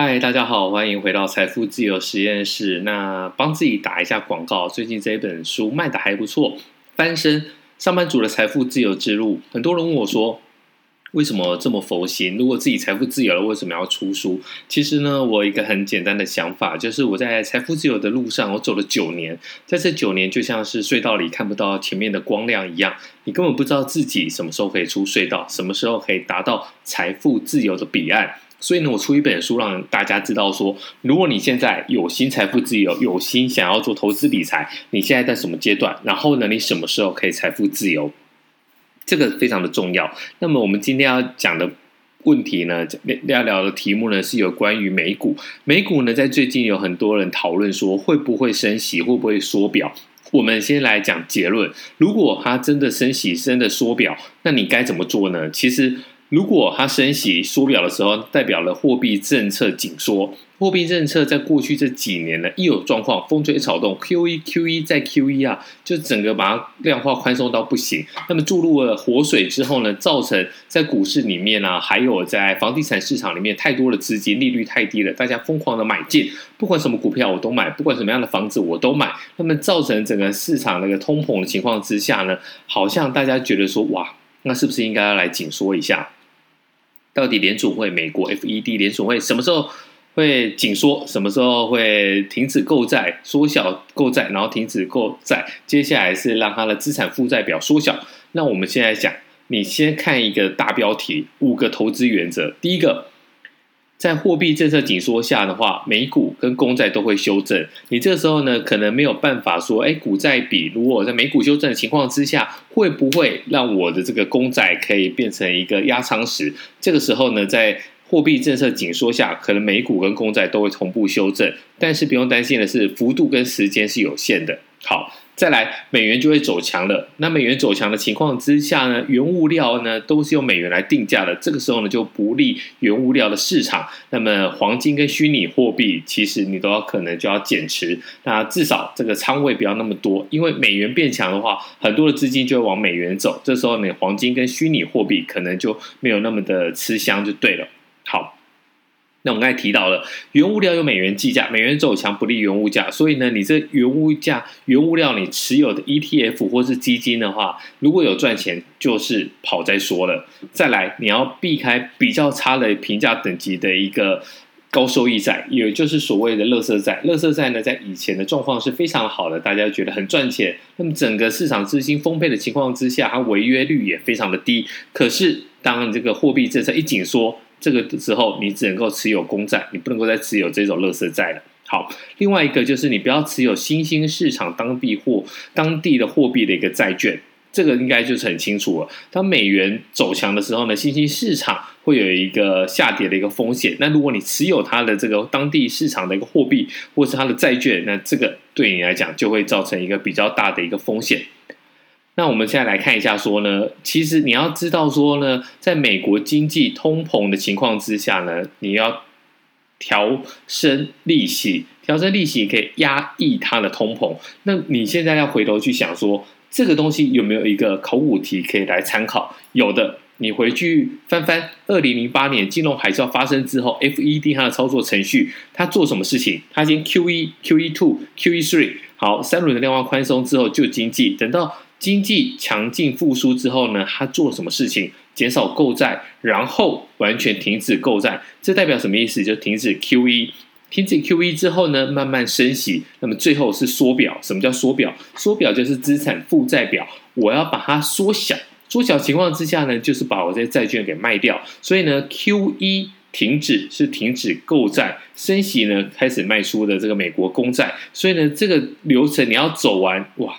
嗨，Hi, 大家好，歡迎回到財富自由實驗室。那幫自己打一下廣告，最近這本書賣的還不錯，《翻身上班族的財富自由之路》。很多人問我說。為什麼這麼佛心？如果自己財富自由了，為什麼要出書？其實呢，我有一個很簡單的想法，就是我在財富自由的路上，我走了九年，在這九年就像是隧道裡看不到前面的光亮一樣，你根本不知道自己什麼時候可以出隧道，什麼時候可以達到財富自由的彼岸。所以呢，我出一本書讓大家知道說，如果你現在有心財富自由，有心想要做投資理財，你現在在什麼階段？然後呢，你什麼時候可以財富自由？這個非常的重要。那麼，我們今天要講的問題呢，要聊，聊的題目呢，是有關於美股。美股呢，在最近有很多人討論說，會不會升息，會不會縮表。我們先來講結論：如果它真的升息，真的縮表，那你該怎麼做呢？其實。如果它升息縮表的時候，代表了貨幣政策緊縮。貨幣政策在過去這幾年呢，一有狀況，風吹草動，QE QE 再 QE 啊，就整個把它量化寬鬆到不行。那麼注入了活水之後呢，造成在股市裡面啊，還有在房地產市場裡面，太多的資金，利率太低了，大家瘋狂的買進，不管什麼股票我都買，不管什麼樣的房子我都買。那麼造成整個市場那個通膨的情況之下呢，好像大家覺得說，哇，那是不是應該要來緊縮一下？到底聯儲會美國 FED 聯儲會什麼時候會緊縮？什麼時候會停止購債、縮小購債，然後停止購債？接下來是讓它的資產負債表縮小。那我們現在講，你先看一個大標題：五個投資原則。第一個。在貨幣政策緊縮下的話，美股跟公債都會修正。你這個時候呢，可能沒有辦法說，哎，股債比。如果我在美股修正的情況之下，會不會讓我的這個公債可以變成一個壓艙石？這個時候呢，在貨幣政策緊縮下，可能美股跟公債都會同步修正。但是不用擔心的是，幅度跟時間是有限的。好，再來，美元就會走強了。那美元走強的情況之下呢，原物料呢都是用美元來定價的。這個時候呢，就不利原物料的市場。那麼黃金跟虛擬貨幣，其實你都要可能就要減持。那至少這個倉位不要那麼多，因為美元變強的話，很多的資金就會往美元走。這時候你黃金跟虛擬貨幣可能就沒有那麼的吃香，就對了。好。那我們剛才提到了，原物料有美元計價，美元走強不利原物價，所以呢，你這原物價、原物料你持有的 ETF 或是基金的話，如果有賺錢，就是跑再說了。再來，你要避開比較差的評價等級的一個高收益債，也就是所謂的垃圾債。垃圾債呢，在以前的狀況是非常好的，大家覺得很賺錢。那麼整個市場資金豐沛的情況之下，它違約率也非常的低。可是當這個貨幣政策一緊縮。這個時候，你只能夠持有公債，你不能夠再持有這種垃圾債了。好，另外一個就是你不要持有新興市場當地貨、當地的貨幣的一個債券，這個應該就是很清楚了。當美元走強的時候呢，新興市場會有一個下跌的一個風險。那如果你持有它的這個當地市場的一個貨幣，或是它的債券，那這個對你來講就會造成一個比較大的一個風險。那我們現在來看一下，說呢，其實你要知道，說呢，在美國經濟通膨的情況之下呢，你要調升利息，調升利息可以壓抑它的通膨。那你現在要回頭去想說，說這個東西有沒有一個考古題可以來參考？有的，你回去翻翻二零零八年金融海嘯發生之後，FED 它的操作程序，它做什麼事情？它先 QE、QE two、QE three，好，三輪的量化寬鬆之後救經濟，等到。經濟強勁復甦之後呢，他做了什麼事情？減少購債，然後完全停止購債，這代表什麼意思？就停止 Q E。停止 Q E 之後呢，慢慢升息。那麼最後是縮表。什麼叫縮表？縮表就是資產負債表，我要把它縮小。縮小情況之下呢，就是把我這些債券給賣掉。所以呢，Q E 停止是停止購債，升息呢開始賣出的這個美國公債。所以呢，這個流程你要走完，哇！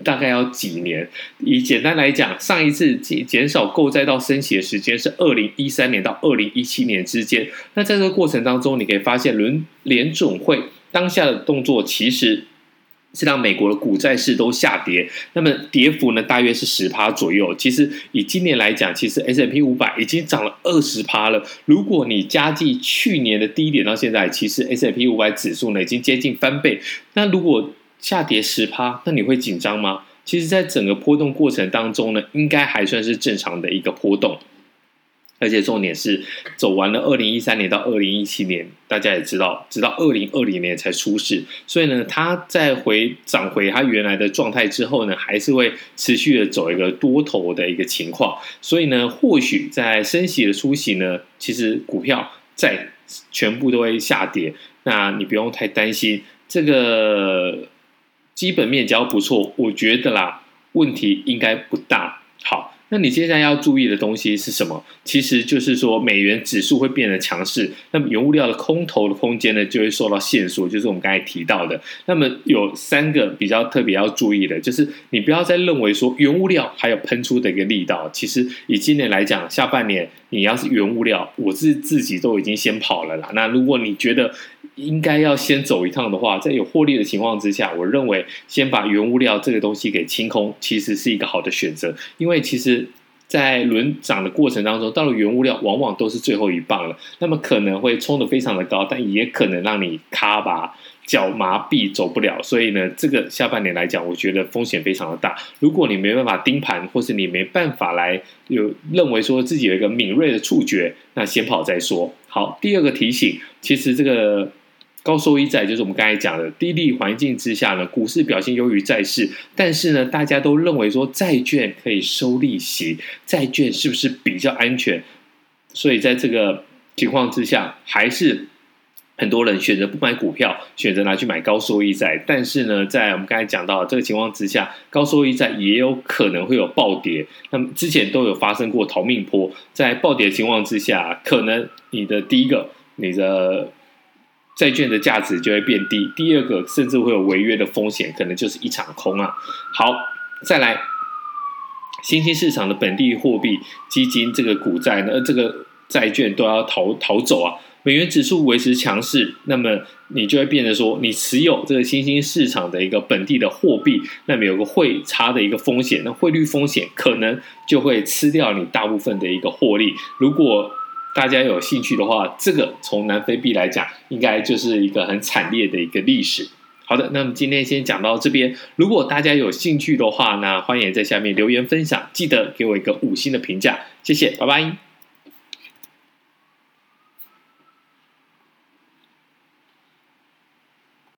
大概要幾年？以簡單來講，上一次減減少購債到升息的時間是二零一三年到二零一七年之間。那在這個過程當中，你可以發現連，聯聯準會當下的動作其實是讓美國的股債市都下跌。那麼跌幅呢，大約是十趴左右。其實以今年來講，其實 S&P 五百已經漲了二十趴了。如果你加計去年的低點到現在，其實 S&P 五百指數呢已經接近翻倍。那如果下跌十趴，那你會緊張嗎？其實，在整個波動過程當中呢，應該還算是正常的一個波動。而且重點是，走完了二零一三年到二零一七年，大家也知道，直到二零二零年才出事。所以呢，它再回漲回它原來的狀態之後呢，還是會持續的走一個多頭的一個情況。所以呢，或許在升息的初期呢，其實股票在全部都會下跌，那你不用太擔心這個。基本面較不錯，我覺得啦，問題應該不大。好，那你接下來要注意的東西是什麼？其實就是說，美元指數會變得強勢，那麼原物料的空頭的空間呢，就會受到限縮，就是我們剛才提到的，那麼有三個比較特別要注意的，就是你不要再認為說原物料還有噴出的一個力道。其實以今年來講，下半年你要是原物料，我是自己都已經先跑了啦。那如果你覺得，應該要先走一趟的話，在有獲利的情況之下，我認為先把原物料這個東西給清空，其實是一個好的選擇。因為其實，在輪漲的過程當中，到了原物料，往往都是最後一棒了。那麼可能會衝得非常的高，但也可能讓你卡吧，腳麻痹走不了。所以呢，這個下半年來講，我覺得風險非常的大。如果你沒辦法盯盤，或是你沒辦法來有認為說自己有一個敏銳的觸覺，那先跑再說。好，第二個提醒，其實這個。高收益債就是我們剛才講的低利環境之下呢，股市表現優於債市，但是呢，大家都認為說債券可以收利息，債券是不是比較安全？所以在這個情況之下，還是很多人選擇不買股票，選擇拿去買高收益債。但是呢，在我們剛才講到的這個情況之下，高收益債也有可能會有暴跌。那麼之前都有發生過逃命波，在暴跌情況之下，可能你的第一個，你的。債券的價值就會變低，第二個甚至會有違約的風險，可能就是一場空啊。好，再來，新興市場的本地貨幣基金，這個股債呢，這個債券都要逃逃走啊。美元指數維持強勢，那麼你就會變得說，你持有這個新興市場的一個本地的貨幣，那麼有個匯差的一個風險，那匯率風險可能就會吃掉你大部分的一個獲利。如果大家有興趣的話，這個從南非幣來講，應該就是一個很慘烈的一個歷史。好的，那麼今天先講到這邊。如果大家有興趣的話呢，歡迎在下面留言分享，記得給我一個五星的評價。謝謝，拜拜。